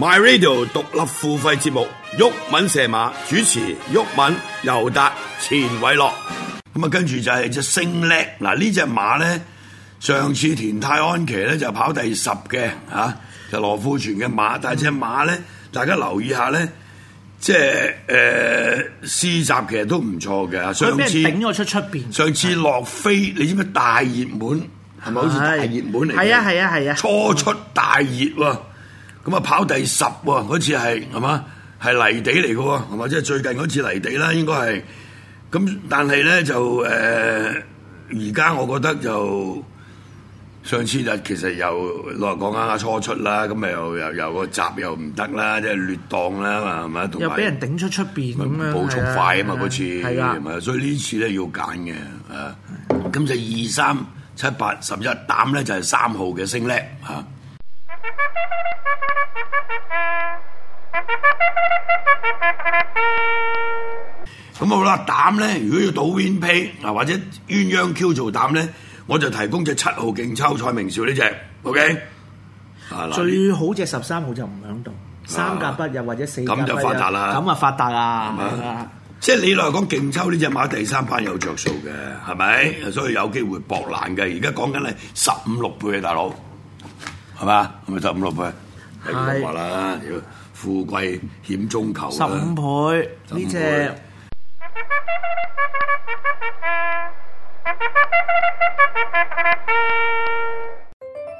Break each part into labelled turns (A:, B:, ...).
A: My Radio 獨立付費節目，毓民射馬主持，毓民、尤達、錢偉樂，咁啊，跟住就係隻勝叻，嗱呢隻馬咧，上次田泰安騎咧就跑第十嘅啊，就羅、是、富全嘅馬，但係隻馬咧，大家留意下咧，即係誒，詩、呃、集其實都唔錯嘅，上次頂咗出出邊，上次落飛，的你知唔知大熱門係咪？是是好似大熱門嚟嘅，係啊
B: 係啊係啊，初
A: 出大熱喎。嗯咁啊，跑第十喎，嗰次係係嘛係泥地嚟嘅喎，係嘛即係最近嗰次泥地啦，應該係咁。但係咧就誒，而、呃、家我覺得就上次就其實又老實講啱啱初出啦，咁又又又個閘又唔得啦，即係劣檔啦嘛，係咪？又俾人
B: 頂出出邊咁樣，步速快啊嘛，嗰的次係的
A: 啊，所以呢次咧要揀嘅啊。咁就二三七八十一膽咧就係三號嘅升叻嚇。嗯咁好啦膽咧，如果要賭 win pay 啊或者鴛鴦 Q 做膽咧，我就提供隻七號競抽賽明少呢隻，OK？最
B: 好隻十三號就唔
A: 響度，啊、三甲
B: 不入或者四。咁、啊、就發達啦！咁啊就發達啦，
A: 係咪？嗎嗎即係你嚟講競抽呢隻買第三班有着數嘅，係咪？所以有機會博難嘅。而家講緊係十五六倍嘅，大佬。係咪？咁咪十五六倍，又唔話啦，要是富貴險中求啦，
B: 十五倍，呢隻。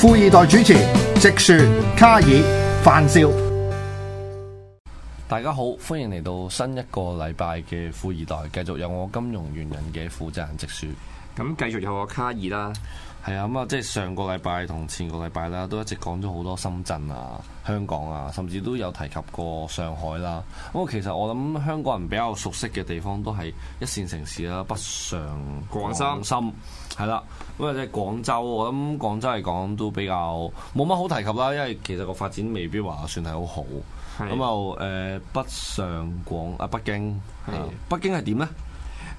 B: 富易袋主持直樹、卡爾、范少，大家好，歡迎嚟到新一個禮拜嘅富易袋，繼續有我金融原人嘅負責人直樹，咁繼續有我卡爾啦。係啊，咁啊，即係上個禮拜同前個禮拜啦，都一直講咗好多深圳啊、香港啊，甚至都有提及過上海啦。咁啊，其實我諗香港人比較熟悉嘅地方都係一線城市啦，北上廣深係啦。咁啊三，即係廣州，我諗廣州嚟講都比較冇乜好提及啦，因為其實個發展未必話算係好好。咁又誒，北上廣啊，北京。的北京係點呢？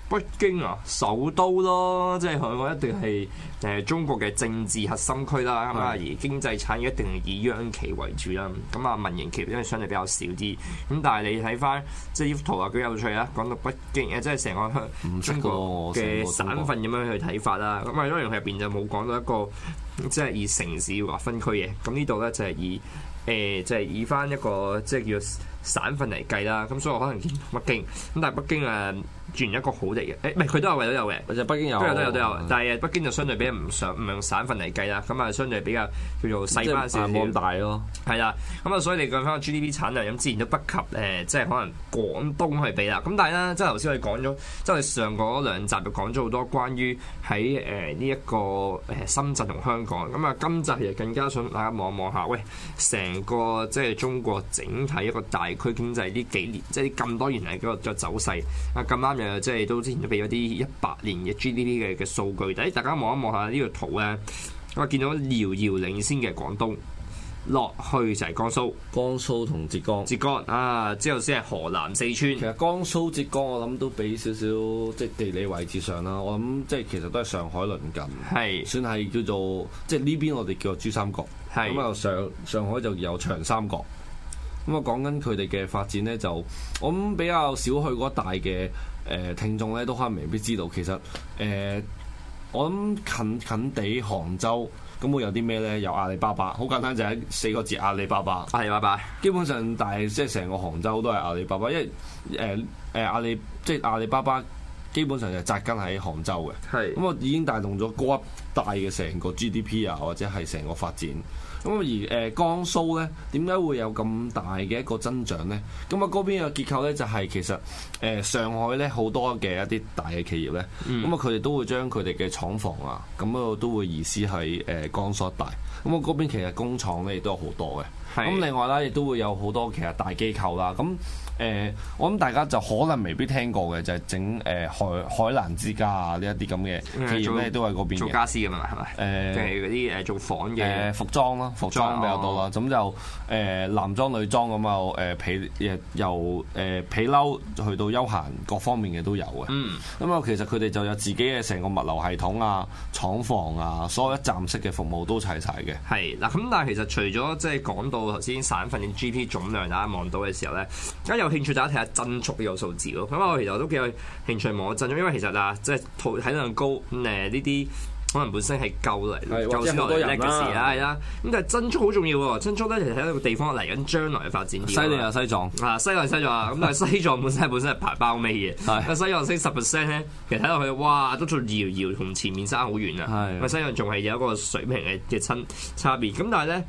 B: 北京啊，首都咯，即係香港一定係誒、呃、中國嘅政治核心區啦，咁啊、嗯、而經濟產業一定係以央企為主啦，咁啊、嗯、民營企業因為相對比較少啲，咁但係你睇翻即係呢幅圖啊，幾有趣啊！講到北京即係成個中國嘅省份咁樣去睇法啦，咁啊因為入邊就冇講到一個即係以城市或分區嘅，咁呢度咧就係、是、以誒即係以翻一個即係叫。省份嚟計啦，咁所以我可能見到北京，咁但係北京誒轉一個好地嘅，誒唔係佢都係為咗有嘅，就北京有，都有都有都有，是的 但係北京就相對比唔上唔用省份嚟計啦，咁啊相對比較叫做細翻少放大咯，係啦，咁啊所以你講翻 GDP 產量咁自然都不及誒、呃，即係可能廣東去比啦，咁但係咧，即係頭先我哋講咗，即係上嗰兩集就講咗好多關於喺誒呢一個誒深圳同香港，咁啊今集又更加想大家望一望下，喂，成個即係中國整體一個大。區經濟呢幾年，即係咁多年嚟，嗰個走勢啊，咁啱又即係都之前都俾咗啲一百年嘅 GDP 嘅嘅數據，誒，大家望一望下呢個圖咧，我見到遙遙領先嘅廣東，落去就係江蘇，江蘇同浙江，浙江啊之後先係河南、四川。其實江蘇、浙江我諗都俾少少，即係地理位置上啦，我諗即係其實都係上海鄰近，係是算係叫做即係呢邊我哋叫做珠三角，咁啊是上上海就有長三角。咁啊，講緊佢哋嘅發展呢，就我諗比較少去嗰一帶嘅誒、呃、聽眾呢，都可能未必知道。其實誒、呃，我諗近近地杭州，咁會有啲咩呢？有阿里巴巴，好簡單就係、是、四個字：阿里巴巴。阿里巴巴基本上，但係即係成個杭州都係阿里巴巴，因為誒誒阿里即係阿里巴巴，基本上就紮根喺杭州嘅。係。咁我已經帶動咗嗰一帶嘅成個 GDP 啊，或者係成個發展。咁而誒江蘇咧點解會有咁大嘅一個增長咧？咁啊嗰邊嘅結構咧就係其實誒上海咧好多嘅一啲大嘅企業咧，咁啊佢哋都會將佢哋嘅廠房啊，咁啊都會移師喺誒江蘇大。咁啊嗰邊其實工廠咧亦都有好多嘅。咁是另外啦，亦都會有好多其實大機構啦。咁誒、呃，我諗大家就可能未必聽過嘅，就係、是、整誒、呃、海海瀾之家啊呢一啲咁嘅，企業咧都係嗰邊做家私嘅嘛，係咪？誒、呃，係嗰啲誒做房嘅、呃、服裝啦，服裝比較多啦。咁就誒男裝女裝咁就誒皮由誒、呃、皮褸、呃、去到休閒各方面嘅都有嘅。嗯，咁啊、呃，其實佢哋就有自己嘅成個物流系統啊、廠房啊，所有一站式嘅服務都齊曬嘅。係嗱，咁但係其實除咗即係講到頭先省份嘅 GP 總量大家望到嘅時候咧，興趣大家睇下增速嘅有數字咯。咁啊， 我其實都幾有興趣望增速，因為其實啊，即係體量高，誒呢啲可能本身係夠嚟者夠衰我哋叻嘅事啊時，係啦。咁但係增速好重要喎，增速咧其實喺一個地方嚟緊將來嘅發展、啊西啊。西藏西藏啊，西藏啊，咁啊，西藏本身係 本身係排包尾嘅。 西藏升十 percent 咧，其實睇落去哇，都仲遙遙同前面山好遠啊。個西藏仲係有一個水平嘅嘅差差別。咁但係咧，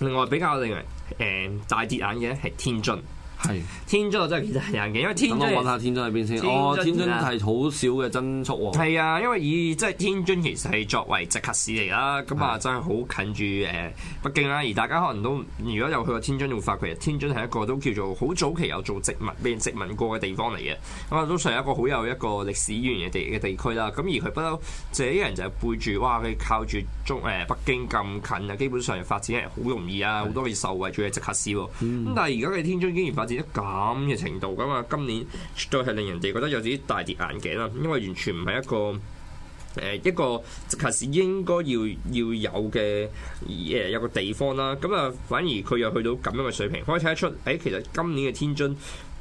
B: 另外比較令人誒大跌眼嘅咧係天津。係天津真係其實係難嘅，因為天。等我揾下天津喺邊先。哦，天津係好少嘅增速。係啊，因為以即係天津其實係作為直轄市嚟啦，咁啊真係好近住誒北京啦。而大家可能都，如果有去過天津，會發覺其實天津係一個都叫做好早期有做殖民、畀人殖民過嘅地方嚟嘅。咁啊，都成一個好有一個歷史源嘅地嘅地區啦。咁而佢不嬲，就係啲人就係背住，哇！佢靠住中誒北京咁近啊，基本上發展係好容易啊，好多可以受惠住嘅直轄市。咁但係而家嘅天津竟然發展。咁嘅程度㗎嘛，今年絕對係令人哋覺得有啲大跌眼鏡啦，因為完全唔係一個誒一個直頭係應該要要有嘅誒有個地方啦，咁啊反而佢又去到咁樣嘅水平，可以睇得出，誒、哎、其實今年嘅天津。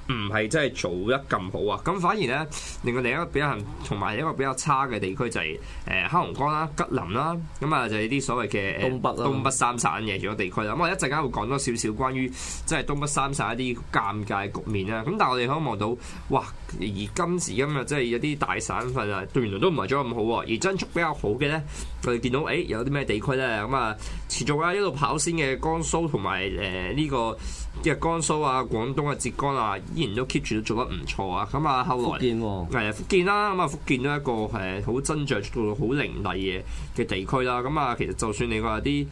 B: 唔係真係做得咁好啊！咁反而咧，另外另一個比較同埋一個比較差嘅地區就係、是、誒、呃、黑龍江啦、啊、吉林啦、啊，咁、嗯、啊就係、是、啲所謂嘅東北啦、啊、東北三省嘅幾個地區啦。咁、嗯、我一陣間會講多少少關於即係東北三省一啲尷尬局面啦。咁、嗯、但係我哋可以望到，哇！而今時今日即係有啲大省份啊，原來都唔係咗咁好喎、啊。而增速比較好嘅咧，我哋見到誒、哎、有啲咩地區咧，咁、嗯、啊持續啊，一路跑先嘅江蘇同埋誒呢個。即係江蘇啊、廣東啊、浙江啊，依然都 keep 住都做得唔錯啊！咁啊，後來福建啦、啊，咁啊，福建都、啊、一個誒好增長到好凌厲嘅嘅地區啦。咁啊，其實就算你話啲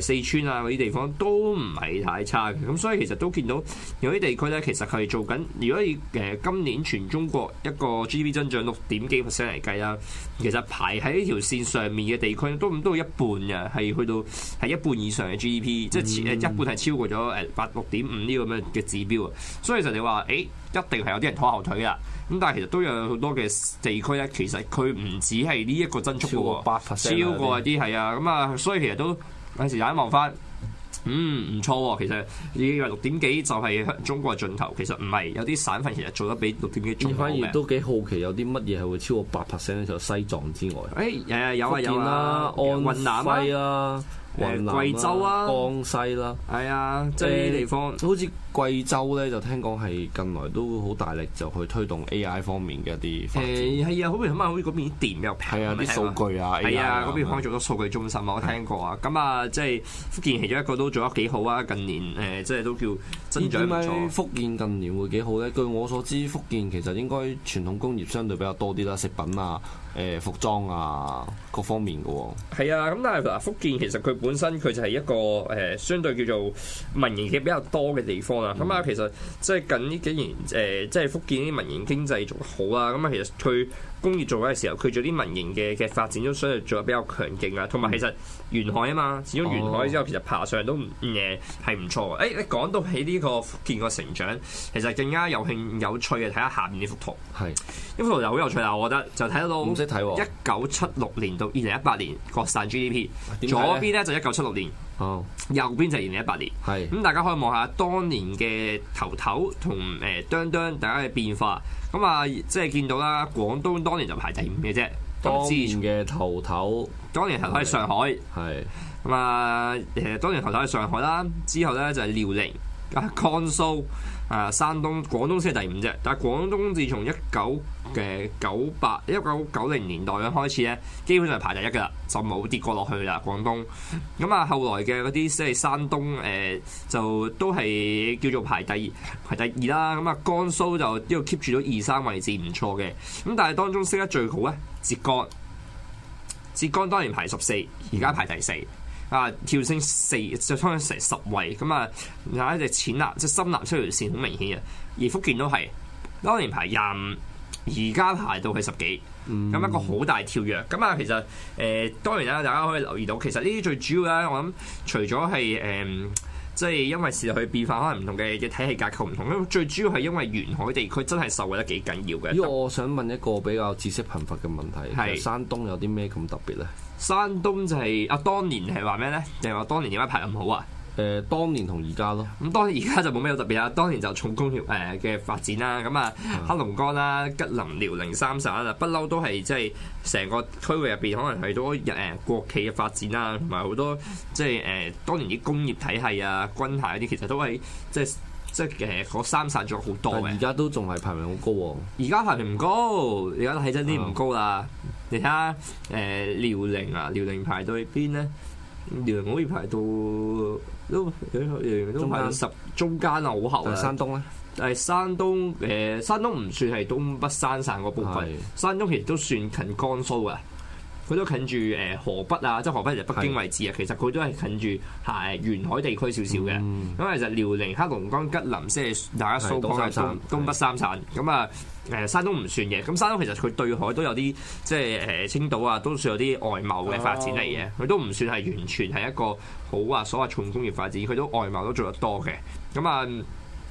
B: 誒四川啊嗰啲地方都唔係太差嘅。咁、啊、所以其實都見到有啲地區咧，其實佢做緊。如果你誒今年全中國一個 GDP 增長六點幾 percent 嚟計啦，其實排喺呢條線上面嘅地區都唔到一半嘅，係去到係一半以上嘅 GDP，即係一半係超過咗誒八六點。6. 五呢個咩嘅指標啊？所以其實你話，誒一定係有啲人拖後腿啊！咁但係其實都有好多嘅地區咧，其實佢唔止係呢一個增速超過八 percent，超過啲係啊！咁啊些，所以其實都有時眼望翻，嗯，唔錯喎。其實已經係六點幾就係中國嘅盡頭。其實唔係有啲省份其實做得比六點幾。反而都幾好奇有啲乜嘢係會超過八 percent？除咗西藏之外，誒誒、哎、有啊有啊，雲南安 啊。啊。誒雲南貴州啊，江西啦，係啊，即係呢啲地方。好似貴州咧，就聽講係近來都好大力就去推動 A I 方面嘅一啲誒係啊，好譬如咁啊，好似嗰邊啲電比較平，係啊，啲數據啊，係啊，嗰邊可以做到數據中心啊，我聽過啊。咁啊，即係福建其中一個都做得幾好啊。近年誒，即係都叫增長唔錯。福建近年會幾好咧？據我所知，福建其實應該傳統工業相對比較多啲啦，食品啊。誒服裝啊，各方面嘅喎，係啊，咁但係嗱，福建其實佢本身佢就係一個誒相、呃、對叫做民營嘅比較多嘅地方啊，咁啊、嗯、其實即係近呢幾年誒，即、呃、係、就是、福建啲民營經濟仲好啦，咁、嗯、啊其實佢。工業做嗰陣時候，佢做啲民營嘅嘅發展都需要做得比較強勁啊。同埋其實沿海啊嘛，始終沿海之後其實爬上都唔誒係唔錯嘅。誒、哎，講到起、這、呢個福建嘅成長，其實更加有，有趣有趣嘅睇下下面呢幅圖。係呢是幅圖就好有趣啊！我覺得就睇得到，唔識睇一九七六年到二零一八年國散 GDP。左邊咧就一九七六年。哦，oh. 右邊就係二零一八年，係咁是大家可以望下當年嘅頭頭同誒噠噠大家嘅變化，咁啊即係見到啦。廣東當年就排第五嘅啫，當年嘅頭頭，當年頭頭係上海，係咁啊，誒當年頭頭係上海啦。之後咧就係遼寧、啊江蘇、啊山東，廣東先係第五啫。但係廣東自從一九嘅九八一九九零年代嘅開始咧，基本上排第一㗎啦，就冇跌過落去啦。廣東咁啊、嗯，後來嘅嗰啲即係山東誒、呃，就都係叫做排第二，排第二啦。咁、嗯、啊，江蘇就呢度 keep 住到二三位置唔錯嘅。咁、嗯、但係當中升得最好咧，浙江，浙江當年排十四，而家排第四啊，跳升四就衝上成十位咁、嗯、啊，有一隻淺藍即係深藍出嚟條線好明顯嘅。而福建都係當年排廿五，而家排到係十幾，咁、嗯、一個好大跳躍。咁啊，其實誒、呃、當然啦，大家可以留意到，其實呢啲最主要咧，我諗除咗係誒，即係因為時代去變化，可能唔同嘅嘅體系架構唔同。最主要係因為沿海地區真係受惠得幾緊要嘅。我想問一個比較知識貧乏嘅問題，係是山東有啲咩咁特別咧？山東就係、是、啊，當年係話咩咧？定話當年點解排咁好啊？誒當年同而家咯，咁當然而家就冇咩特別啊。當年就重工業誒嘅發展啦，咁啊，黑龍江啦、吉林、遼寧三省啊，不嬲都係即係成個區域入邊，可能係多誒國企嘅發展啦，同埋好多即係誒當年啲工業體系啊、軍械啲，其實都係即係即係誒嗰三散咗好多。而家都仲係排名好高喎，而家排名唔高，而家睇真啲唔高啦。你睇下誒遼寧啊，遼寧排到去邊咧？原來可以排到都，原來都排到十中間啊，好後啊。山東咧，但係山東，誒，山東唔算係東北三省個部分，的山東其實都算近江蘇嘅。佢都近住誒河北啊，即係河北就北京位置啊。是的 其實佢都係近住係沿海地區少少嘅。咁、嗯、其實遼寧、黑龍江、吉林即係大家蘇北三,三東，東北三省。咁啊誒，山東唔算嘅。咁山東其實佢對海都有啲即係誒青島啊，都算有啲外貿嘅發展嚟嘅。佢、哦、都唔算係完全係一個好啊所謂重工業發展，佢都外貿都做得多嘅。咁啊。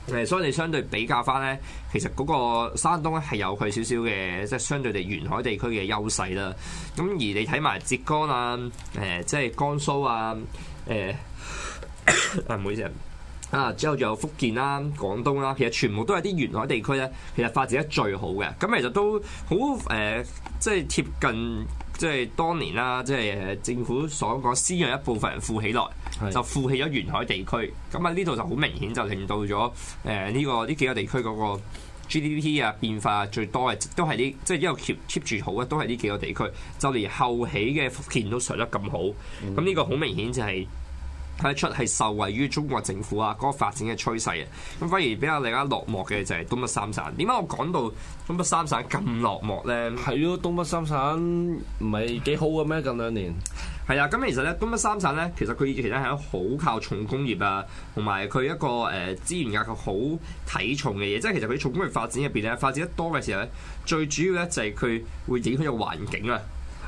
B: 誒，所以你相對比較翻咧，其實嗰個山東咧係有佢少少嘅，即係相對地沿海地區嘅優勢啦。咁而你睇埋浙江啊，誒，即係江蘇啊，誒，啊唔 好意思啊，啊之後仲有福建啦、廣東啦，其實全部都係啲沿海地區咧，其實發展得最好嘅。咁其實都好誒，即係貼近。即係當年啦，即係政府所講，先讓一部分人富起來，就富起咗沿海地區。咁啊，呢度就好明顯，就令到咗誒呢個呢幾個地區嗰個 GDP 啊變化最多係都係呢，即係一個 keep keep 住好嘅，都係呢幾個地區，就連後起嘅福建都上得咁好。咁呢個好明顯就係、是。睇得出係受惠於中國政府啊，嗰、那個發展嘅趨勢啊，咁反而比較令人落寞嘅就係東北三省。點解我講到東北三省咁落寞咧？係咯、啊，東北三省唔係幾好嘅咩？近兩年係啊，咁其實咧東北三省咧，其實佢其實係好靠重工業啊，同埋佢一個誒、呃、資源壓力好體重嘅嘢。即係其實佢重工業發展入邊咧，發展得多嘅時候咧，最主要咧就係佢會影響到環境啊。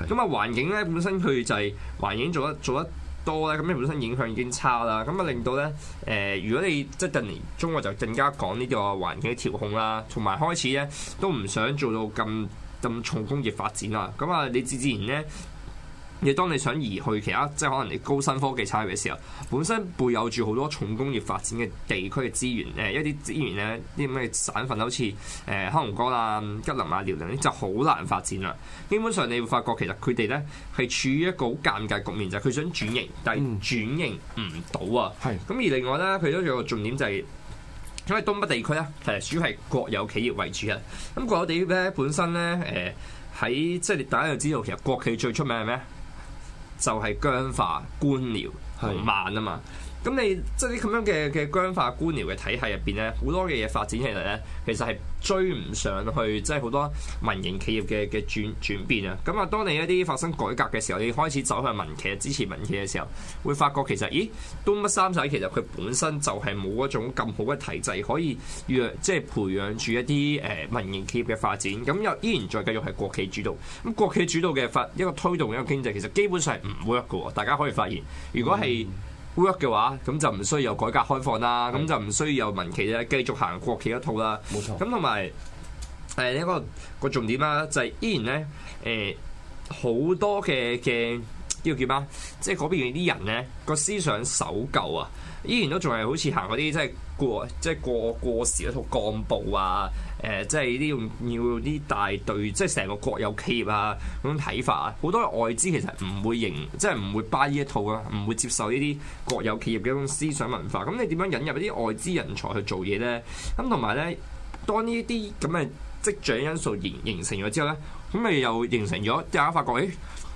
B: 咁啊的、嗯，環境咧本身佢就係環境做得。做得。多咧，咁你本身影響已經差啦，咁啊令到咧，誒、呃、如果你即係近年中國就更加講呢個環境嘅調控啦，同埋開始咧都唔想做到咁咁重工業發展啦，咁啊你自自然咧。你當你想移去其他，即係可能你高新科技產業嘅時候，本身背有住好多重工業發展嘅地區嘅資源。誒、呃，一啲資源咧，啲咩省份好似誒黑龍江啊、吉林啊、遼寧咧，就好難發展啦。基本上你會發覺其實佢哋咧係處於一個好尷尬局面，就係、是、佢想轉型，但係轉型唔到啊。係咁是而另外咧，佢都仲有個重點就係、是、因為東北地區咧，其實主要係國有企業為主嘅。咁國有企業咧本身咧，誒、呃、喺即係你大家就知道其實國企最出名係咩？就係僵化官僚同慢啊嘛。咁你即係啲咁樣嘅嘅僵化官僚嘅體系入邊咧，好多嘅嘢發展起嚟咧，其實係追唔上去，即係好多民營企業嘅嘅轉轉變啊！咁啊，當你一啲發生改革嘅時候，你開始走向民企支持民企嘅時候，會發覺其實，咦，東北三省其實佢本身就係冇嗰種咁好嘅體制可以養，即係培養住一啲誒民營企業嘅發展。咁又依然再繼續係國企主導，咁國企主導嘅發一個推動一個經濟，其實基本上係唔 work 嘅喎。大家可以發現，如果係 work 嘅話，咁就唔需要有改革開放啦，咁、嗯、就唔需要有民企咧，繼續行國企一套啦。冇錯。咁同埋誒呢個、個重點啦、啊，就係依然咧誒好多嘅嘅叫叫咩，即係嗰邊啲人咧，個思想守舊啊，依然都仲係好似行嗰啲即係過即係過過時一套幹部啊。誒、呃，即係啲要啲大隊，即係成個國有企業啊嗰種睇法啊，好多外資其實唔會認，即係唔會 buy 呢一套啊，唔會接受呢啲國有企業嘅一種思想文化。咁你點樣引入一啲外資人才去做嘢咧？咁同埋咧，當呢啲咁嘅積聚因素形形成咗之後咧，咁咪又形成咗大家發覺，咦，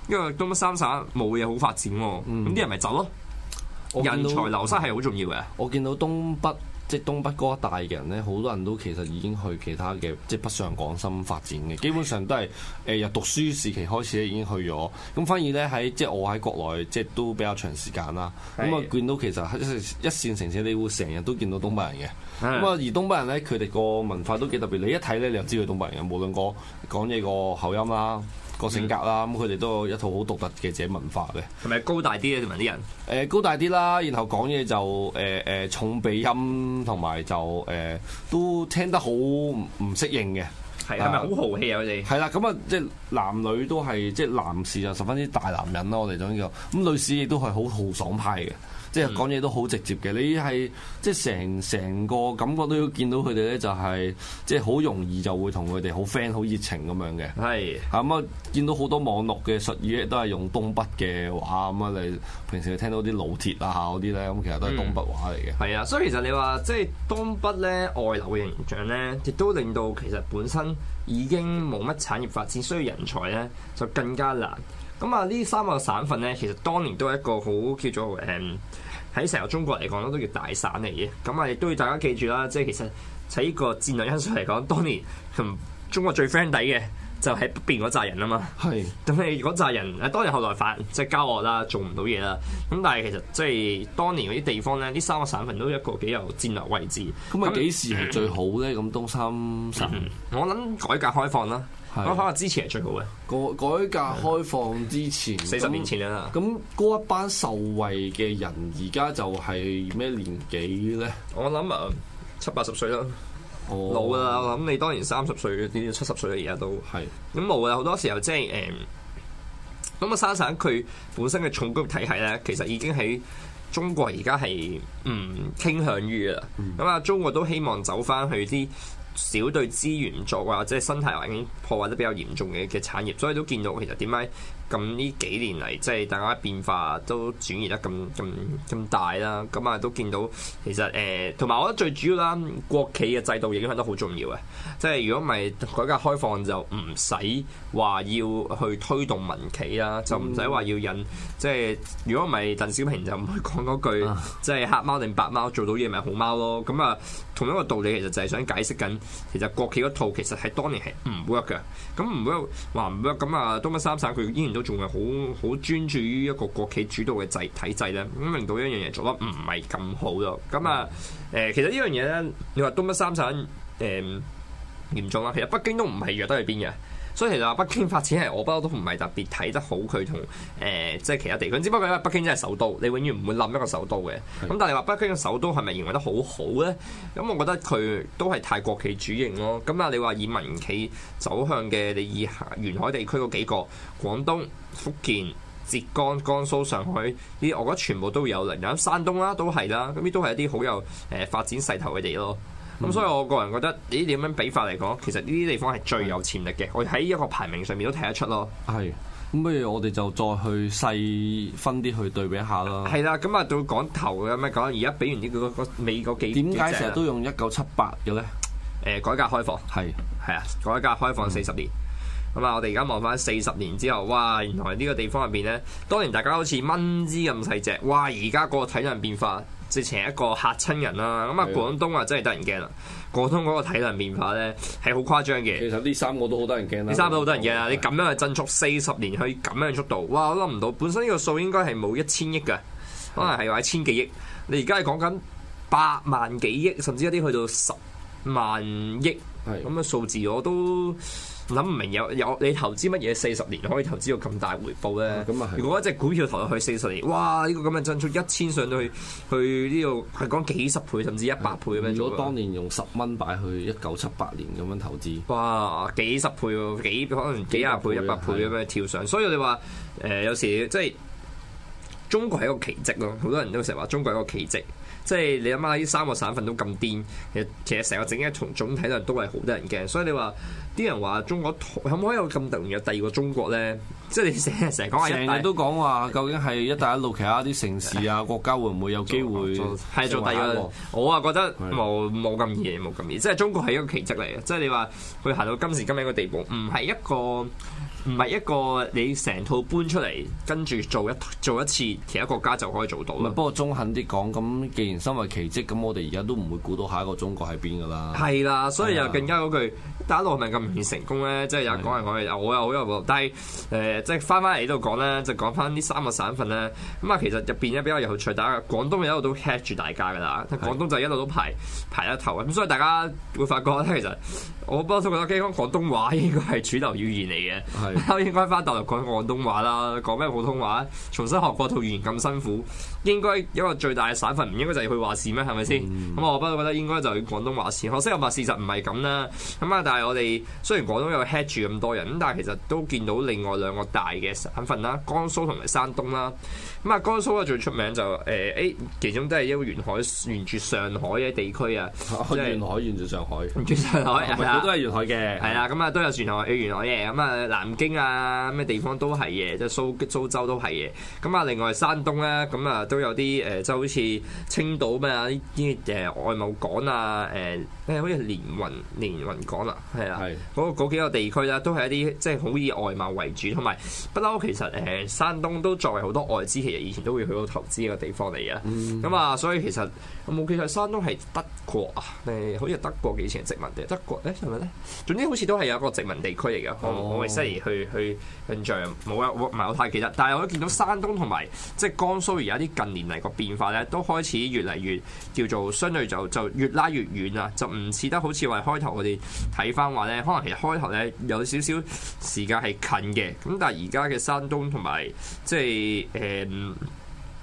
B: 因為東北三省冇嘢好發展，啊，咁啲、嗯、人咪走咯，啊。人才流失係好重要嘅。我見到東北。即係東北嗰一帶嘅人咧，好多人都其實已經去其他嘅即係北上廣深發展嘅，基本上都係誒由讀書時期開始咧已經去咗。咁反而咧喺即係我喺國內即係都比較長時間啦。咁啊見到其實喺一線城市，你會成日都見到東北人嘅。咁啊的而東北人咧，佢哋個文化都幾特別。你一睇咧，你就知道東北人嘅，無論個講嘢個口音啦。個性格啦，咁佢哋都有一套好獨特嘅自己文化嘅。係咪高大啲啊？同埋啲人？誒、欸、高大啲啦，然後講嘢就誒誒、呃呃、重鼻音，同埋就誒、呃、都聽得好唔適應嘅。係係咪好豪氣啊？佢哋係啦，咁啊即係男女都係即係男士就十分之大男人咯、啊，我哋講呢個咁女士亦都係好豪爽派嘅。即係講嘢都好直接嘅，你係即係成成個感覺都要見到佢哋咧，就係即係好容易就會同佢哋好 friend、好熱情咁樣嘅。係的，咁啊、嗯、見到好多網絡嘅術語咧，都係用東北嘅話咁啊。你平時你聽到啲老鐵啊嗰啲咧，咁其實都係東北話嚟嘅。係啊，所以其實你話即係東北咧外流嘅形象咧，亦都令到其實本身已經冇乜產業發展，需要人才咧，就更加難。咁啊，呢三個省份咧，其實當年都係一個好叫做誒，喺、嗯、成個中國嚟講都叫大省嚟嘅。咁啊，亦都要大家記住啦，即係其實喺呢個戰略因素嚟講，當年同中國最 friend 底嘅就喺北邊嗰扎人啊嘛。係是。咁你嗰扎人啊，當年後來反即係、就是、交惡啦，做唔到嘢啦。咁但係其實即係當年嗰啲地方咧，呢三個省份都一個幾有戰略位置。咁幾時係最好咧？咁東、嗯、三省，我諗、嗯嗯嗯嗯嗯嗯、改革開放啦。啊，反正之前係最好嘅。改革開放之前，四十的那年前啦。咁嗰一班受惠嘅人，而家就係咩年紀咧？我諗啊，七八十歲啦，oh. 老啦。我諗你當年三十歲，甚至七十歲啦，而家都係。咁冇啊，好多時候即係誒，咁、嗯、啊，沙省佢本身嘅重工業體系咧，其實已經喺中國而家係唔傾向於啦。咁啊、嗯，嗯、中國都希望走翻去啲。少對資源作啊，或者生態環境破壞得比較嚴重嘅嘅產業，所以都見到其實點解。咁呢幾年嚟，即係大家變化都轉移得咁咁咁大啦。咁啊，都見到其實誒，同、呃、埋我覺得最主要啦，國企嘅制度影響得好重要嘅。即係如果唔係改革開放，就唔使話要去推動民企啦，就唔使話要引。嗯、即係如果唔係鄧小平，就唔會講嗰句，啊、即係黑貓定白貓做到嘢，咪好貓咯。咁啊，同一個道理，其實就係想解釋緊，其實國企嗰套其實係當年係唔 work 嘅。咁唔會話唔會，咁啊東北三省佢依然都仲係好好專注於一個國企主導嘅制體制咧，咁令到一樣嘢做得唔係咁好咯。咁啊誒，其實呢樣嘢咧，你話東北三省誒、嗯、嚴重啦，其實北京都唔係弱得去邊嘅。所以其實北京發展係，我不嬲都唔係特別睇得好佢同誒即係其他地區。只不過因為北京真係首都，你永遠唔會冧一個首都嘅。咁但係你話北京嘅首都係咪營運得好好咧？咁我覺得佢都係太國企主型咯。咁但你話以民企走向嘅你以沿海地區嗰幾個廣東、福建、浙江、江蘇、上海呢？我覺得全部都有、啊、都啦。咁山東啦都係啦，咁呢都係一啲好有誒發展勢頭嘅地咯。咁、嗯、所以，我個人覺得，咦？點樣比法嚟講，其實呢啲地方係最有潛力嘅。嗯、我喺一個排名上面都睇得出咯。係，咁不如我哋就再去細分啲去對比一下咯、嗯。係啦，咁啊，到講頭嘅咩講？而家比完呢、這個美國幾點解成日都用一九七八嘅咧？誒、呃，改革開放係係啊，改革開放四十年。咁啊、嗯，嗯、我哋而家望翻四十年之後，哇！原來呢個地方入邊咧，當然大家都好似蚊子咁細隻，哇！而家個體量變化。之前一個嚇親人啦！咁啊，廣東啊真係得人驚啦！廣是的 東嗰個體能變化咧係好誇張嘅。其實呢三個都好得人驚啦！呢三個好得人驚啊！對 你咁樣去增速，四十年去咁樣嘅速度，哇！我諗唔到，本身呢個數應該係冇一千億嘅，可能係話一是的 千幾億。你而家係講緊八萬幾億，甚至一啲去到十萬億，咁嘅是的 數字我都。諗唔明，有有你投資乜嘢四十年可以投資到咁大回報咧？嗯嗯嗯嗯、如果一隻股票投入去四十年，哇！呢、呢個咁嘅增速一千上去去呢、呢、度、個，係講幾十倍甚至一百倍咁樣、嗯嗯嗯。如果當年用十蚊擺去一九七八年咁樣投資，哇！幾十倍喎，可能幾廿倍、一百倍咁樣跳上。嗯嗯、所以我哋話誒，有時即係中國係一個奇蹟咯，好多人都成日話中國係一個奇蹟。即係你諗下，呢三個省份都咁癲，其實其實成個整一從總體嚟都係好得人驚，所以你話啲人話中國可唔可以有咁突然嘅第二個中國咧？即係你成日成日講話，成日都講話，究竟係一帶一路 其他啲城市啊、國家會唔會有機會係做第二個？ 的我啊覺得冇冇咁易，冇咁的易。即係中國係一個奇蹟嚟嘅。即係你話佢行到今時今日個地步，唔係一個唔係一個、嗯、你成套搬出嚟，跟住做一做一次其他國家就可以做到。不，不過中肯啲講，咁既然身為奇蹟，咁我哋而家都唔會估到下一個中國喺邊㗎啦。係啦，所以又更加嗰句一帶一路係咪咁易成功咧，即係有人講係講係，我又好有但係誒。呃即係翻翻嚟呢度講咧，就講翻呢三個省份咧。咁啊，其實入邊咧比較有趣，但係廣東一路都 heat 住大家㗎啦。廣東就一路都排排得頭，咁所以大家會發覺咧，其實我不嬲都覺得，基本廣東話應該係主流語言嚟嘅。我是的 應該翻大陸講廣東話啦，講咩普通話，重新學過套語言咁辛苦，應該有一個最大嘅省份唔應該就係去話事咩？係咪先？咁、嗯嗯、我不嬲覺得應該就係廣東話事。可惜又話事實唔係咁啦。咁啊，但係我哋雖然廣東有 heat 住咁多人，咁但係其實都見到另外兩個。大嘅省份啦，江蘇同埋山東啦。咁啊，江蘇啊最出名就誒，誒其中都係一個沿海沿住上海嘅地區啊，即係沿海沿住上海，沿住上海，係啊，都係沿海嘅，係啊的，咁啊都有沿海誒沿海嘅，咁啊南京啊咩地方都係嘅，即係蘇蘇州都係嘅，咁啊另外山東咧、啊，咁啊都有啲誒，即係好似青島咩啊啲外貿港啊誒、欸，好似連雲連雲港啊，係啊，嗰個嗰幾個地區啦，都係一啲即係好以外貿為主，同埋不嬲其實誒山東都作為好多外資。以前都會去到投資嘅地方嚟嘅，咁啊、嗯，所以其實我冇記錯山東係德國啊，誒，好似係德國幾時係殖民地？德國咧係咪咧？總之好似都係有個殖民地區嚟嘅，我我唔識去去印象冇啊，唔係我太記得。但係我都見到山東同埋即係江蘇而家啲近年嚟個變化咧，都開始越嚟越叫做相對就就越拉越遠啊，就唔似得好似話開頭我哋睇翻話咧，可能其實開頭咧有少少時間係近嘅，咁但係而家嘅山東同埋即係誒。呃呃嗯，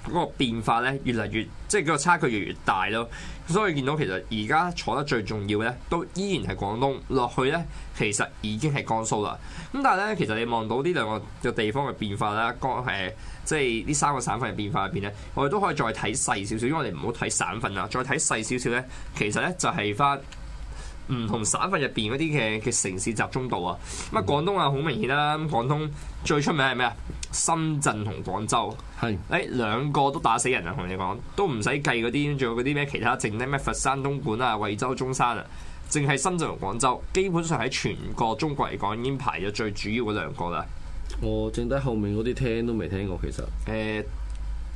B: 嗰個變化咧越嚟越，即係嗰個差距越嚟越大咯。所以見到其實而家坐得最重要咧，都依然係廣東落去咧，其實已經係江蘇啦。咁但係咧，其實你望到呢兩個嘅地方嘅變化啦，江，呃，即係呢三個省份嘅變化入邊咧，我哋都可以再睇細少少，因為我哋唔好睇省份啊，再睇細少少咧，其實咧就係翻。唔同省份入面嗰啲嘅嘅城市集中度啊，咁啊廣東啊好明顯啦。咁廣東最出名係咩啊？深圳同廣州係誒是、哎、兩個都打死人啊！同你講都唔使計嗰啲，仲有嗰啲咩其他剩低咩佛山、東莞啊、惠州、中山啊，淨係深圳同廣州，基本上喺全個中國嚟講已經排咗最主要嗰兩個啦。我剩低後面嗰啲聽都未聽過，其實誒、哎、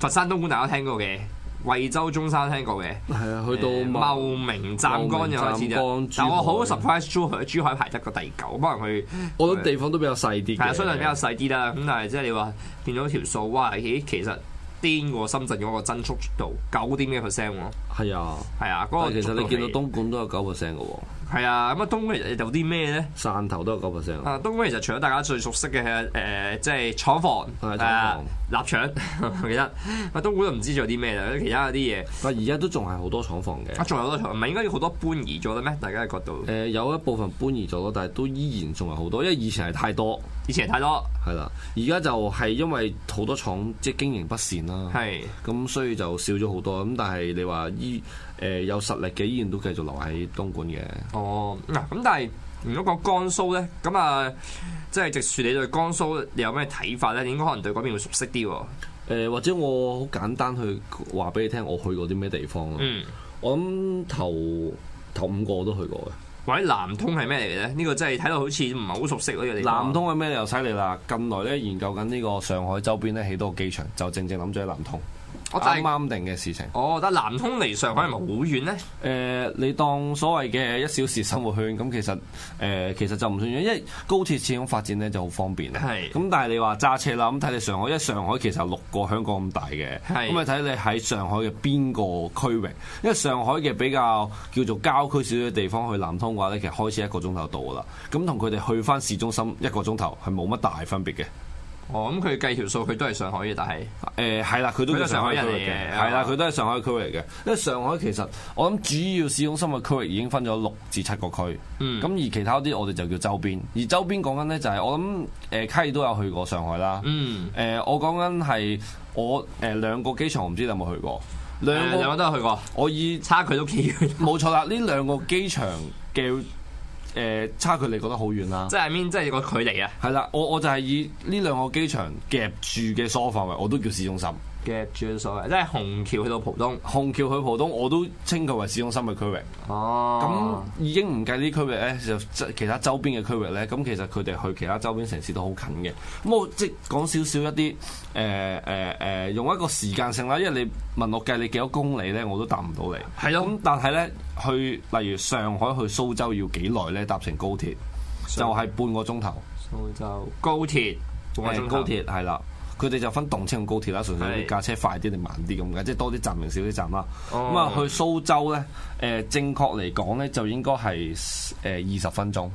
B: 佛山、東莞大家聽過嘅。惠州、中山聽過嘅，係啊，去到、呃、茂名、湛江又開始就，名但我好 surprise，珠海珠海排得個第九，可能佢我覺得地方都比較細啲，係啊，相對比較細啲啦。咁但係即係你話變咗條數哇？咦，其實癲過深圳嗰個增速速度九點幾 percent 喎。係啊，係啊，嗰個。但係其實你見到東莞都有九 percent 嘅喎。係、哦、啊，咁啊東莞有啲咩咧？汕頭都有九%。percent 啊，東莞其實除咗大家最熟悉嘅係誒，即、呃、係、即係、廠房，係啊，臘腸、呃，我記得。啊， 東莞都唔知做啲咩啦，其他嗰啲嘢。啊，而家都仲係好多廠房嘅、啊。仲有好多廠房，唔係應該要好多搬移咗咩？大家嘅角度。誒、呃，有一部分搬移咗，但係都依然仲係好多，因為以前係太多。以前係太多。係啦，而家就係因為好多廠即係經營不善啦。係的。咁所以就少咗好多，咁但係你話。依誒、呃、有實力嘅醫院都繼續留喺東莞嘅。哦，嗱咁，但係如果講江蘇咧，咁啊，即係直樹你對江蘇你有咩睇法咧？應該可能對嗰邊會熟悉啲喎、呃。或者我好簡單去話俾你聽，我去過啲咩地方咯？嗯，我，我諗頭頭五個都去過嘅。或者南通係咩嚟嘅咧？呢、呢個真係睇到好似唔係好熟悉呢個地，南通嘅咩又犀利啦！近來咧，研究緊呢個上海周邊咧，起多個機場，就正正諗住喺南通。我啱啱定嘅事情。哦，但係南通離上海係咪好遠呢？誒、呃，你當所謂嘅一小時生活圈咁，其實誒、呃、其實就唔算遠，因為高鐵始終發展咧就好方便啦。係是。咁但係你話揸車啦，咁睇你上海，因為上海其實六個香港咁大嘅，咁咪睇你喺上海嘅邊個區域。因為上海嘅比較叫做郊區少少嘅地方去南通嘅話咧，其實開始一個鐘頭到噶啦。咁同佢哋去翻市中心一個鐘頭係冇乜大分別嘅。哦，咁、嗯、佢計條數，佢都係上海嘅，但係誒係啦，佢都係上海人嚟嘅，係啦、嗯，佢都係上海區嚟嘅。因為上海其實我諗主要市中心嘅區域已經分咗六至七個區，咁、嗯、而其他啲我哋就叫周邊。而周邊講緊咧就係、是、我諗誒，卡爾、呃、都有去過上海啦，誒、嗯呃、我講緊係我誒、呃、兩個機場，唔知你有冇去過，兩個、呃、兩個都有去過，我以差距都幾遠，冇錯啦，呢兩個機場嘅。 誒差距離覺得好遠啦，即係 I mean，即係個距離啊，係啦，我我就係以呢兩個機場夾住嘅 so 範圍，我都叫市中心。嘅住所，即係虹橋去到浦東，虹、嗯、橋去浦東我都稱佢為市中心嘅區域。哦、啊，咁已經唔計呢區域咧，就其他周邊嘅區域咧，咁其實佢哋去其他周邊城市都好近嘅。咁我即講少少一啲，誒誒誒，用一個時間性啦，因為你問我計你幾多公里咧，我都答唔到你。係咯、啊。咁但係咧，去例如上海去蘇州要幾耐咧？搭乘高鐵以就係半個鐘頭。蘇州高鐵仲係高鐵，係啦鐵。鐵佢哋就分動車同高鐵啦，純粹啲架車快啲定慢啲咁嘅，是即係多啲站定少啲站啦。咁啊、oh. 去蘇州咧，誒、呃、正確嚟講咧，就應該係誒二十分鐘。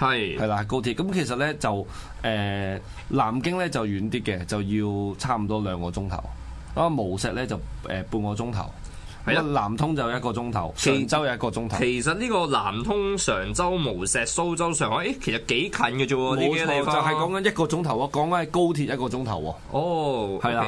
B: 係係是啦，高鐵。咁其實咧就誒、呃、南京咧就遠啲嘅，就要差唔多兩個鐘頭。啊，無錫咧就誒半個鐘頭。係啊，南通就一個鐘頭，常州有一個鐘頭。其實呢個南通、常州、無錫、蘇州、上海，誒，其實幾近嘅啫。冇錯，就係講緊一個鐘頭啊，講緊係高鐵一個鐘頭。哦、oh, okay，係啦，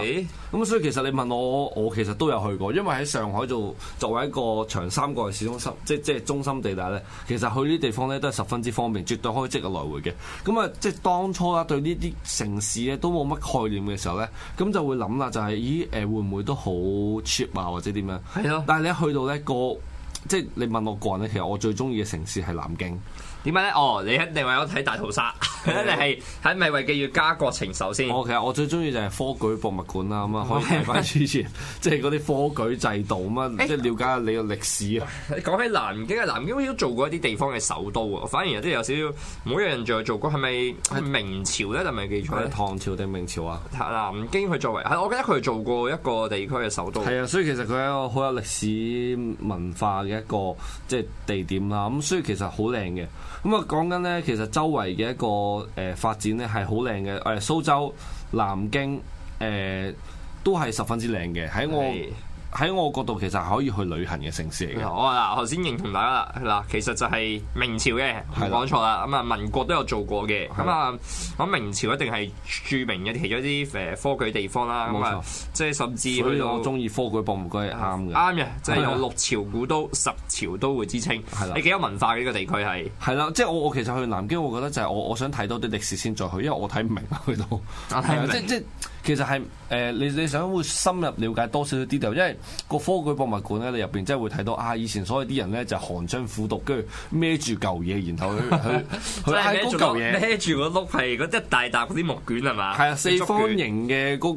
B: 咁所以其實你問我，我其實都有去過，因為喺上海做作為一個長三角嘅市中心，即係即係中心地帶咧，其實去呢啲地方咧都係十分之方便，絕對可以即刻來回嘅。咁啊，即係當初啦，對呢啲城市咧都冇乜概念嘅時候咧，咁就會諗啦，就係，咦，誒，會唔會都好 cheap 啊，或者點樣？但係你一去到呢個，即係你問我個人呢，其實我最中意嘅城市係南京。點解咧？哦，你一定係有睇大屠殺，肯定係係咪為嘅要加國情首先？我其實我最中意就係科舉博物館啦，咁啊是，可以睇翻之前， 即係嗰啲科舉制度啊，咁啊、欸，即係了解下你嘅歷史啊。講起南京啊，南京都做過一啲地方嘅首都啊。反而有啲有少少唔好有人仲就做過，係咪係明朝咧？定咪記錯？唐朝定明朝啊？南京佢作為係我記得佢做過一個地區嘅首都。係啊，所以其實佢係一個好有歷史文化嘅一個即係地點啦。咁所以其實好靚嘅。咁啊，講緊咧，其實周圍嘅一個誒發展咧係好靚嘅，誒蘇州、南京誒都係十分之靚嘅。喺我喺我角度其實可以去旅行嘅城市嚟嘅。我嗱頭先認同大家啦，嗱其實就係明朝嘅，唔講錯啦。咁啊，民國都有做過嘅。咁啊，咁明朝一定係著名嘅其中一啲科舉地方啦。冇錯，即係甚至去到。所以我中意科舉博物館，啱嘅。啱嘅，即係有六朝古都十潮都會之稱，係啦。你幾有文化嘅呢個地區係？係啦，即係我我其實去南京，我覺得就係我我想睇多啲歷史先再去，因為我睇唔明啊，去到。但即即其實係誒，你你想會深入了解多少少啲度，因為個科舉博物館咧，你入邊真係會睇到啊以前所謂啲人咧就寒窗苦讀，跟住孭住舊嘢，然後去去孭住個碌係嗰一大沓嗰啲木卷係嘛？係啊，四方形嘅嗰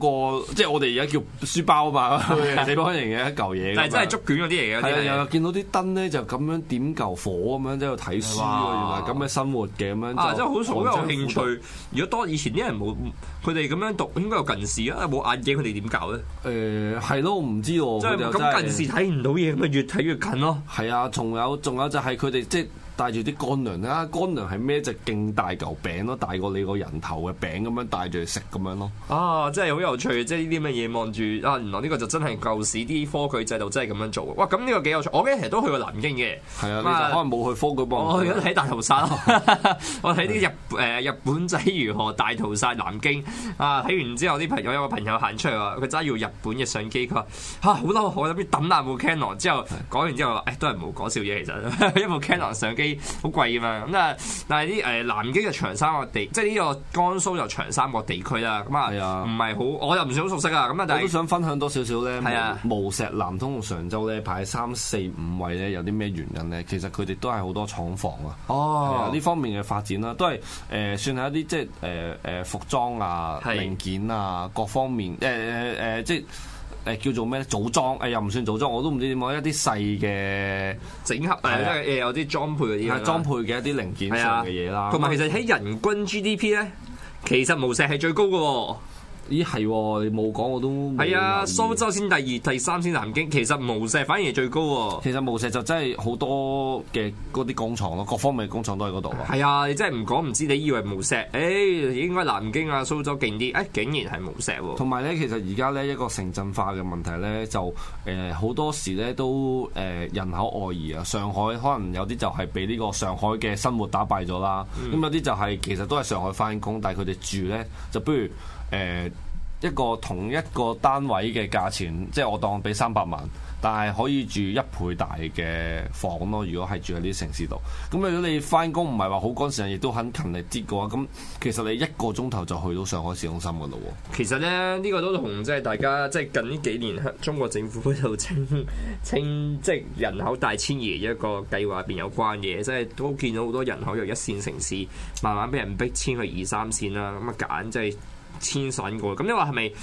B: 個即係我哋而家叫書包啊嘛，四方形嘅一舊嘢。但係真係竹卷嗰啲嚟嘅，係啊，見到啲燈。咧就咁樣點嚿火咁樣，係吧？咁樣喺度睇書啊，原來咁嘅生活嘅咁樣，即係好熟，好有興趣。如果當以前啲人冇，佢哋咁樣讀應該有近視啊，冇眼鏡佢哋點搞咧？誒，係咯，我唔知喎。咁近視睇唔到嘢，咪越睇越近咯。係啊，仲有仲有就係佢哋即係帶住啲乾糧啦，看看乾糧係咩？就勁大嚿餅咯，大過你個人頭嘅餅咁樣帶住食咁樣咯。啊，真係好有趣！即係呢啲乜嘢望住啊，原來呢個就真係舊時啲科舉制度真係咁樣做。哇，咁呢個幾有趣！我嘅其實都去過南京嘅。
A: 係啊，可能
B: 冇去科舉部。我去緊睇大屠殺咯， 我睇啲日誒日本仔如何大屠殺南京啊！睇完之後，啲朋友有個朋友行出嚟話：佢揸要日本嘅相機，佢話啊，好嬲，我喺邊抌爛部 Canon 之後，講完之後話：誒都係唔好講笑嘢，其實一部 Canon 相機。好貴嘅嘛，咁啊，但係啲誒南京嘅長三角地，即係呢個江蘇又長三角地區啦，咁啊，唔係好，我又唔算好熟悉啊，咁啊，我都想分享多少少咧，係啊，無錫南通同常州咧排三四五位咧，有啲咩原因咧？其實佢哋都係好多廠房、哦、啊，哦，呢方面嘅發展啦，都係誒、呃、算係一啲即係誒誒服裝啊零件啊各方面，誒誒誒即。誒叫做咩咧，組裝誒、哎、又唔算組裝，我都唔知點講一啲細嘅整合誒，即係的的有啲裝配嘅，啲的的裝配嘅一啲零件上嘅嘢啦。同埋的其實喺人均 GDP 咧，嗯、其實無錫係最高嘅、哦。咦係、哦，你冇講我都係啊！蘇州先第二、第三，先南京。其實無錫反而係最高。其實無錫就真係好多嘅嗰啲工廠咯，各方面嘅工廠都喺嗰度。係啊，你真係唔講唔知，你以為無錫，誒、哎，應該南京啊、蘇州勁啲，誒、欸，竟然係無錫。同埋咧，其實而家咧一個城鎮化嘅問題咧，就誒好、呃、多時咧都誒人口外移啊。上海可能有啲就係俾呢個上海嘅生活打敗咗啦，咁、嗯、有啲就係其實都係上海翻工，但係佢哋住咧就不如誒。呃呃呃一個同一個單位嘅價錢，即係我當俾三百萬，但係可以住一倍大嘅房咯。如果係住喺呢啲城市度，咁如果你翻工唔係話好趕時間，亦都肯勤力啲嘅話，咁其實你一個鐘頭就去到上海市中心嘅咯喎。其實呢，呢、這個都同即係大家即係、就是、近呢幾年中國政府嗰度清清即係人口大遷移一個計劃入邊有關嘅，即、就、係、是、都見到好多人口由一線城市慢慢俾人逼遷去二三線啦。咁啊揀即係。就是遷徙嘅喎，咁你話係咪誒？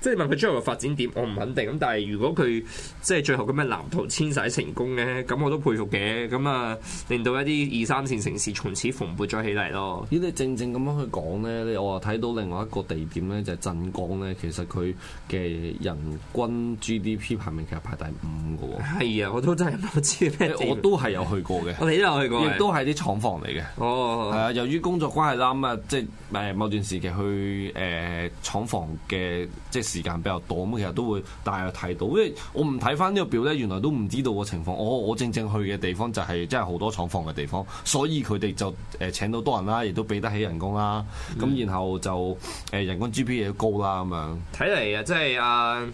B: 即係問佢將來嘅發展點，我唔肯定。咁但係如果佢即係最後嘅咩藍圖遷徙成功咧，咁我都佩服嘅。咁啊，令到一啲二三線城市從此蓬勃咗起嚟咯。如、欸、你正正咁樣去講咧，我又睇到另外一個地點咧，就係鎮江咧，其實佢嘅人均 GDP 排名其實排第五嘅喎。係啊，我都真係唔知咩、欸。我都係有去過嘅，我哋都有去過，亦都係啲廠房嚟嘅。哦、oh, 的，係啊，由於工作關係啦，咁啊，即係誒某段時期去。誒，廠、呃、房嘅即係時間比較多咁，其實都會，大約睇到，因為我唔睇翻呢個表咧，原來都唔知道個情況。我我正正去嘅地方就係、是、真係好多廠房嘅地方，所以佢哋就誒、呃、請到多人啦，亦都俾得起人工啦。咁 Yeah. 然後就誒、呃、人工 G P 嘅高啦，咁樣。睇嚟啊，即係啊。Uh,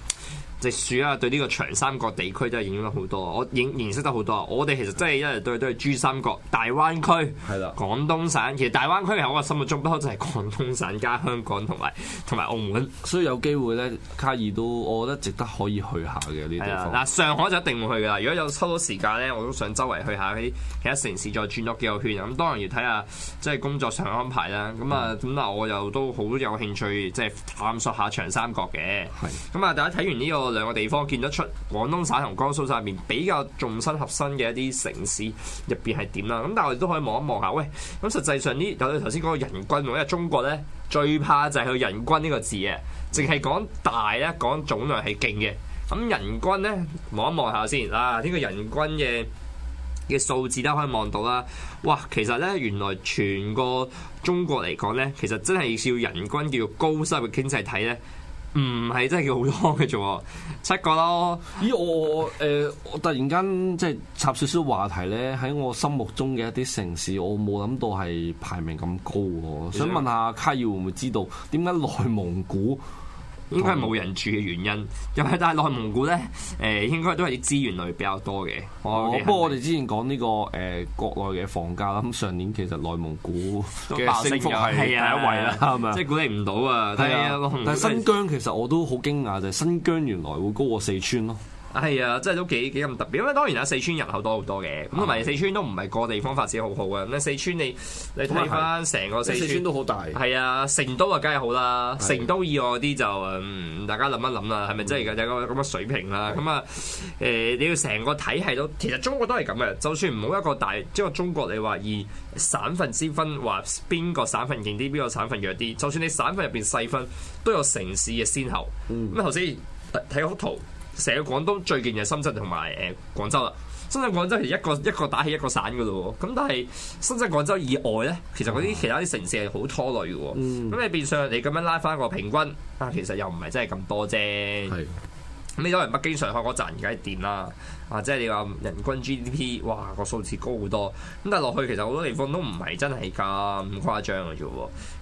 B: 直樹啊，對呢個長三角地區真係影響好多啊！我認識得好多，我哋其實真係一日對對住珠三角、大灣區，係啦的，廣東省。其實大灣區喺我心目中不嬲就係廣東省加香港同埋同埋澳門，所以有機會咧，卡爾都我覺得值得可以去下嘅呢啲地方。嗱，上海就一定會去噶啦！如果有抽到時間咧，我都想周圍去下喺其他城市，再轉咗幾個圈。咁當然要睇下即係、就是、工作上安排啦。咁啊咁啊，嗯、我又都好有興趣即係、就是、探索下長三角嘅。係的。咁啊，大家睇完呢、這個。兩個地方見得出廣東省同江蘇省入面比較重心合身嘅一啲城市入邊係點啦？咁但係我哋都可以望一望下，喂！咁實際上呢頭頭先講嘅人均，因為中國呢最怕就係去人均呢個字嘅。淨係講大呢，講總量係勁嘅。咁人均呢，望一望下先啊！呢、呢個人均嘅嘅數字咧，可以望到啦。哇！其實呢，原來全個中國嚟講呢，其實真係要人均叫做高收入嘅經濟體呢。唔係、嗯、 真係叫好多嘅啫喎，七個咯。咦、哎，我誒、呃、我突然間即係插少少話題咧，喺我心目中嘅一啲城市，我冇諗到係排名咁高喎。想問下卡爾會唔會知道點解內蒙古？應該係冇人住嘅原因，因為但係內蒙古咧，誒、呃、應該都係啲資源類比較多嘅。啊、我、啊、不過我哋之前講呢、呢個誒、呃、國內嘅房價啦，咁、嗯、上年其實內蒙古嘅升幅係第一位啦，係嘛？即係估你唔到啊！係吧啊，但係新疆其實我都好驚訝，就係、是、新疆原來會高過四川咯。係啊、哎，真係都幾幾咁特別，因為當然啦，四川人口多好多嘅，咁同埋四川都唔係個地方發展好好啊。咁四川你你睇翻成個四川，四川都好大，係啊，成都是啊梗係好啦，成都以外啲就、嗯、大家諗一諗啦，係咪真係而家有咁嘅水平啦？咁、嗯、啊誒、呃、你要成個體系都，其實中國都係咁嘅，就算唔好一個大即係中國，你話以省份先分，話邊個省份強啲，邊個省份弱啲，就算你省份入邊細分，都有城市嘅先後。咁啊頭先睇嗰幅圖。成個廣東最勁就深圳同埋誒廣州啦，深圳廣州其實一個一個打起一個省噶咯喎，咁但係深圳廣州以外咧，其實嗰啲其他啲城市係好拖累嘅喎，咁你、嗯、變相你咁樣拉返個平均，啊其實又唔係真係咁多啫，係。咁你走嚟北京上海嗰陣而家係掂啦，啊！即係你話人均 GDP，哇個數字高好多。咁但係落去其實好多地方都唔係真係咁誇張嘅啫。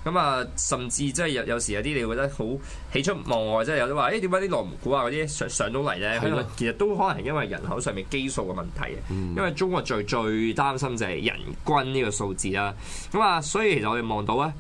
B: 咁啊，甚至即係有有時有啲你會覺得好喜出望外，即係有啲話，誒點解啲內蒙古啊嗰啲上上到嚟咧？的其實都可能因為人口上面基數嘅問題啊。嗯、因為中國最最擔心就係人均呢個數字啦。咁啊，所以其實我哋望到咧，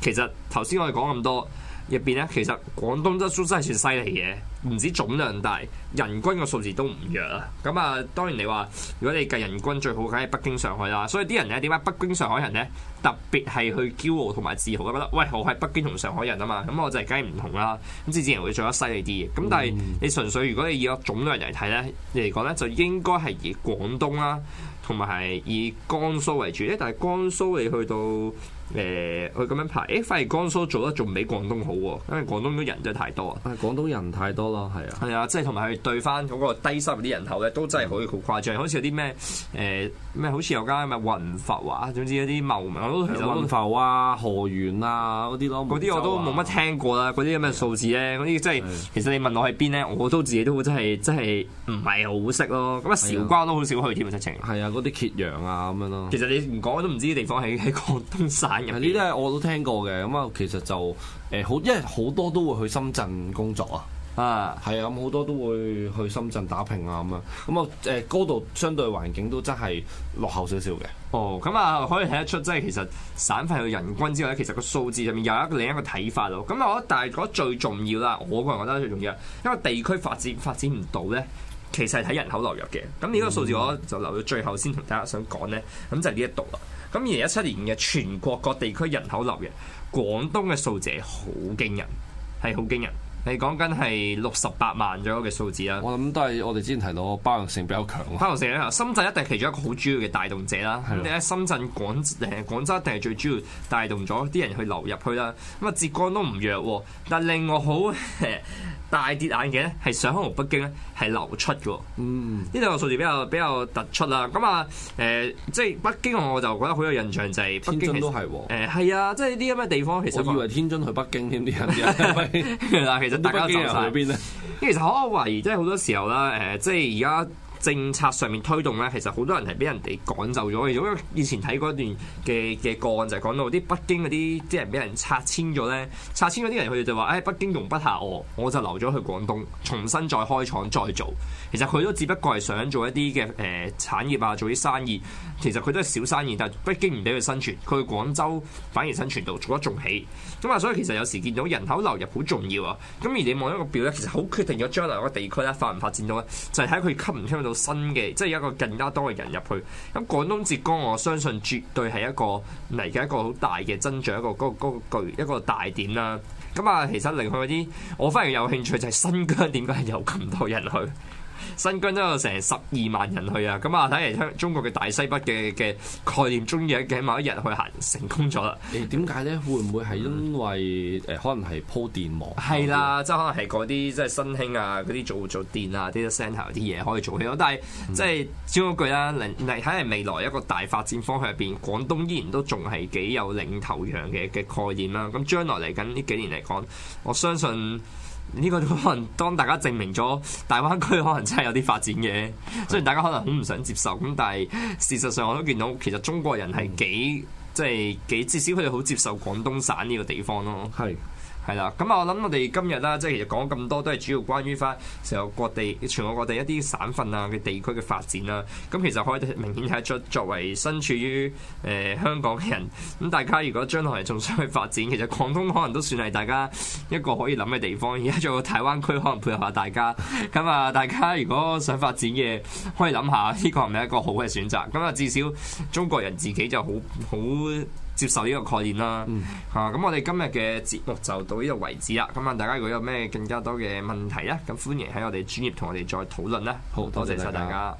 B: 其實頭先我哋講咁多。入邊咧，其實廣東真係算犀利嘅，唔止總量大，人均嘅數字都唔弱啊。咁啊，當然你話，如果你計人均最好，梗係北京、上海啦。所以啲人咧，點解北京、上海人咧特別係去驕傲同埋自豪，覺得喂，我係北京同上海人啊嘛。咁我就梗係唔同啦。咁自然會做得犀利啲嘅。咁但係你純粹，如果你以個總量嚟睇咧，你嚟講咧，就應該係以廣東啦、啊，同埋係以江蘇為主咧。但係江蘇你去到。誒佢咁樣排，誒反而江蘇做得仲比廣東好喎、啊，因為廣東都人真係太多啊，啊。廣東人太多咯，係啊。係啊，即係同埋對翻嗰個低收入啲人口咧，都真係可以好誇張、呃，好似有啲咩誒咩，好似有間咩雲浮啊，總之一啲茂名我都雲浮啊、河源啊嗰啲咯。嗰啲、啊、我都冇乜聽過啦，嗰啲咁嘅數字咧，嗰啲、啊、真係、啊、其實你問我喺邊咧，我都自己都真係真係唔係好識咯。咁啊，韶關都好少去添啊，直程。係啊，嗰啲揭陽啊咁樣咯。其實、啊啊、其實你唔講我都唔知啲地方喺喺廣東省。呢啲、嗯、我都聽過嘅，咁、嗯、啊其實就誒、欸、好，因為好多都會去深圳工作啊，啊係啊，咁好多都會去深圳打拼啊，咁、嗯、啊，咁啊誒高度相對環境都真係落後少少嘅。哦，咁啊可以睇得出，即係其實省份嘅人均之外，其實個數字入面有一個另一個睇法咯。咁我覺得，但係最重要啦，我個人覺得最重要，因為地區發展發展唔到咧，其實係睇人口流入嘅。咁呢個數字我就留到最後先同大家想講咧，咁就係呢一度啦。咁二零一七年嘅全國各地區人口流入，廣東嘅數字好驚人，係好驚人，你講緊係六十八萬左右嘅數字啦。我諗都係我哋之前提到包容性比較強。包容性咧，深圳一定係其中一個好主要嘅帶動者啦。你喺的深圳廣、廣誒廣州一定係最主要帶動咗啲人去流入去啦。咁啊，浙江都唔弱喎，但係另外好。 大跌眼鏡咧，係上海同北京咧係流出嘅。嗯，呢度個數字比較比較突出啦。咁啊，誒、呃，即係北京，我就覺得好有印象就係天津都係喎、哦呃。誒，係啊，即係呢啲咁嘅地方其實。我以為天津去北京添啲人、就係， 其實大家走曬。咁其實可唔可以即係好多時候啦？誒、呃，即係而家。政策上面推動咧，其實好多人係俾人哋趕走咗。因為以前睇過一段嘅嘅個案就係講到啲北京嗰啲人係俾人拆遷咗咧，拆遷嗰啲人佢哋就話，誒、哎、北京容不下我，我就留咗去廣東，重新再開廠再做。其實佢都只不過係想做一啲嘅誒產業啊，做啲生意。其實佢都係小生意，但係北京唔俾佢生存，佢去廣州反而生存到，做得仲起。咁啊，所以其實有時見到人口流入好重要啊。咁而你望一個表咧，其實好決定咗將來嗰地區咧發唔發展到咧，就係睇佢吸唔吸到。新嘅，即係一個更加多嘅人入去。咁廣東浙江，我相信絕對係一個嚟嘅一個好大嘅增長，一個嗰個巨一個大點啦。咁啊，其實另外嗰啲，我反而有興趣就係新疆，點解有咁多人去？新疆都有成十二萬人去啊！咁啊，睇嚟香中國嘅大西北嘅嘅概念終於喺某一日去行成功咗啦。誒，點解咧？會唔會係因為誒，嗯、可能係鋪電網係啦，即係可能係嗰啲即係新興啊，嗰啲做做電啊、啲 central 啲嘢可以做起咯。但係、嗯、即係照嗰句啦，嚟嚟睇嚟未來一個大發展方向入邊，廣東依然都仲係幾有領頭羊嘅嘅概念啦。咁將來嚟緊呢幾年嚟講，我相信。呢個可能當大家證明咗大灣區可能真係有啲發展嘅，雖然大家可能好唔想接受，咁係。但係事實上我都見到其實中國人係幾、嗯、即係幾至少佢哋好接受廣東省呢個地方咯。係。係啦，咁啊、嗯，我諗我哋今日啦，即係其實講咁多都係主要關於翻世界各地、全國各地一啲省份啊嘅地區嘅發展啦、啊。咁、嗯、其實可以明顯睇出，作為身處於誒、呃、香港嘅人，咁、嗯、大家如果將來仲想去發展，其實廣東可能都算係大家一個可以諗嘅地方。而家仲有台灣區可能配合下大家，咁、嗯、啊、嗯，大家如果想發展嘅，可以諗下呢個係咪一個好嘅選擇？咁、嗯、啊，至少中國人自己就好好。接受呢個概念啦嚇，咁、嗯啊、我哋今日嘅節目就到呢度為止啦。咁問大家如果有咩更加多嘅問題咧，咁歡迎喺我哋專業同我哋再討論啦。好多謝晒大家。